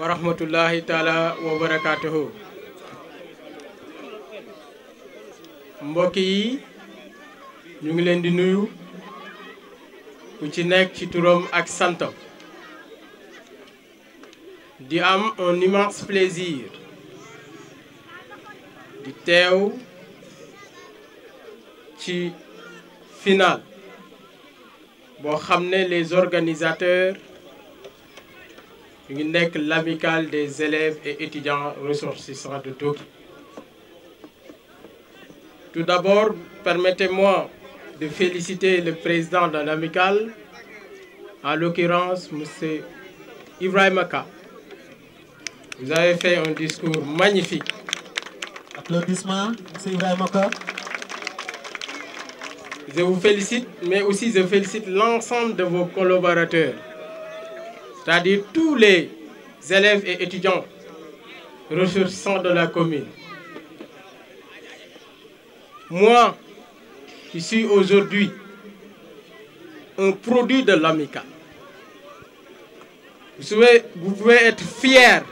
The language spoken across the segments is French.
wa rahmatullahi taala wa barakatuhu. mbokk ñu ngi di nuyu ci ak un immense plaisir di teew ci finale boo xam les organisateurs l'amicale des élèves et étudiants ressortissants de Toki tout d'abord permettez-moi de féliciter le président de l'amicale en l'occurrence M. Ibrahima vous avez fait un discours magnifique applaudissements M. Ibrahima je vous félicite mais aussi je félicite l'ensemble de vos collaborateurs c'est-à-dire tous les élèves et étudiants ressourçants de la commune. Moi, je suis aujourd'hui un produit de l'AMICA. Vous, vous pouvez être fier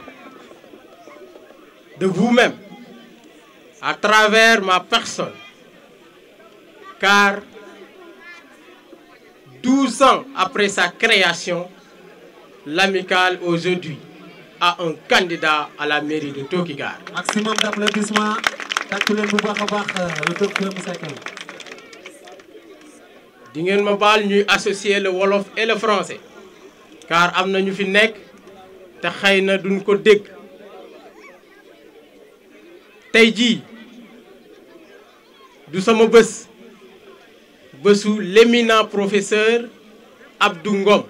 de vous-même à travers ma personne, car 12 ans après sa création, l'amicale aujourd'hui a un candidat à la mairie de Tokigar. Maximum d'applaudissements. Euh, di vous ma associer le wolof et le français car nous avons ñu fi nous duñ ko du sama bëss l'éminent professeur Abdou Ngom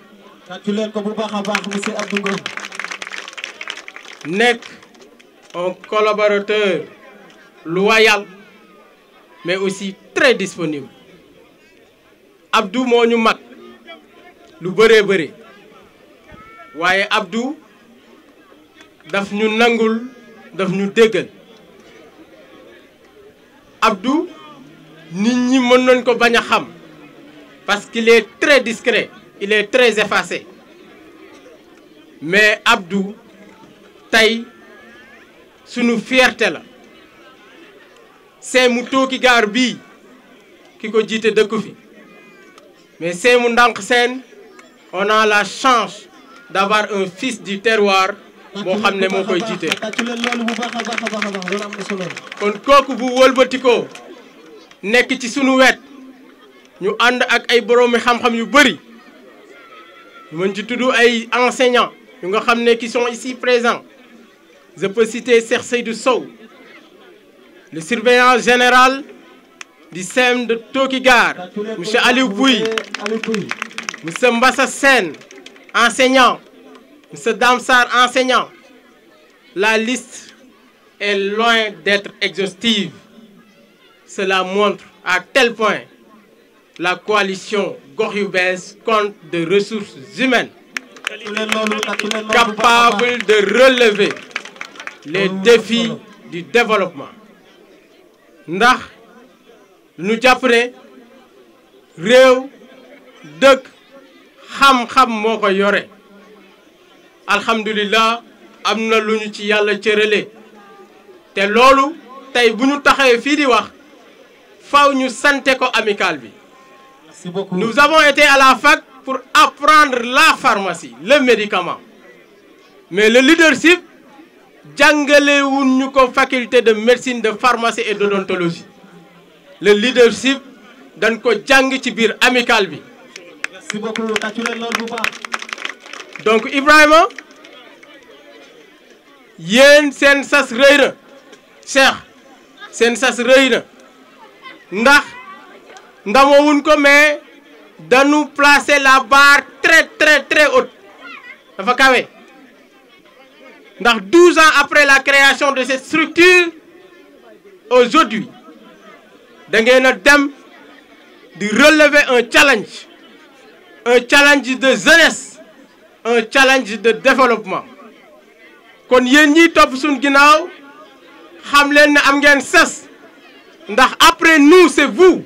tàccu bu monsieur Abdou un collaborateur loyal mais aussi très disponible Abdou moo ñu mag lu Béré. bëri Waye Abdou daf ñu nangul daf ñu déggal Abdou nit ñi mën ko bañ xam parce qu'il est très discret il est très effacé mais Abdou c'est sunu fierté c'est seemu tooki qui qui qui ko jiite de fi mais c'est mon seen on a la chance d'avoir un fils du terroir boo xam ne moo koy jiite kon kooku bu wëlbatikoo nekk ci sunu vie, ñu ànd ak ay boroomi xam-xam yu bari je tout enseignants qui sont ici présents je peux citer Cersei Seydou le surveillant général du SEM de Tokigar, M. Aliouboui, M. monsieur Mbassa enseignant M. Damsar, enseignant la liste est loin d'être exhaustive cela montre à quel point la coalition Goryubès compte de ressources humaines capables de relever les défis du développement ndax ñu avons ne réew dëkk xam-xam moko ko yore amna am na lu ci yàlla cërale te loolu tey bu ñu di wax faaw ñu santé ko amicale nous avons été à la fac pour apprendre la pharmacie, le médicament. Mais le leadership, jàngale wuñ faculté de médecine de pharmacie et d'odontologie le leadership dañ ko jàng ci merci beaucoup donc Ibrahima yen sen sas rëy na Cheikh sas nous ko mais placer la barre très très très haute Vous 12 ans après la création de cette structure aujourd'hui nous avons relever un challenge un challenge de jeunesse un challenge de développement après nous c'est vous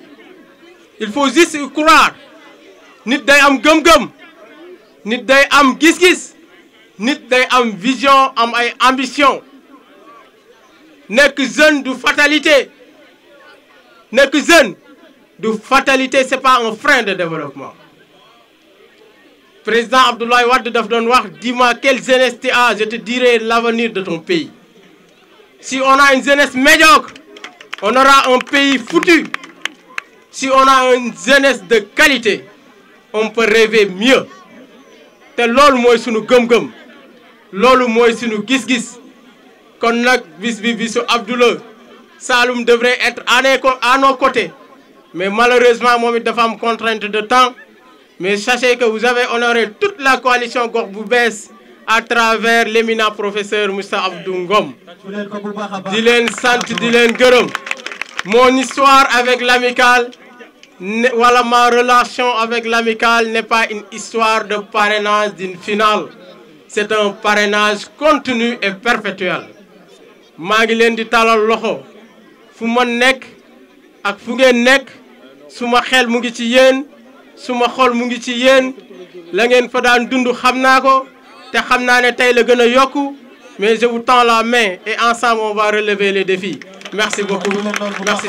il faut juste y croire Nous day am gëm-gëm nit day am gis-gis nit day am vision am ambition. N'est que zone de fatalité que zone de fatalité n'est pas un frein de développement président Abdoulaye Wad de dis-moi quelle jeunesse tu as je te dirai l'avenir de ton pays si on a une jeunesse médiocre on aura un pays foutu si on a une jeunesse de qualité on peut rêver mieux Salum ce sunu gëm-gëm sunu gis-gis kon bis Saloum devrait être à nos côtés mais malheureusement moi de dafa am contrainte de temps mais sachez que vous avez honoré toute la coalition Gorboubès à travers l'éminent professeur Moussa Abdou Ngom di Dylan sant mon histoire avec l'amicale voilà, ma relation avec l'amicale n'est pas une histoire de parrainage d'une finale. C'est un parrainage continu et perpétuel. maa ngi leen di talal loxo fu ma nekk ak fu ngeen nekk su xel mu ngi ci suma xol mu ci la ngeen fa daan dund xamna ko te xamna ne la gëna yokku mais je vous tends la main et ensemble on va relever les défis merci beaucoup merci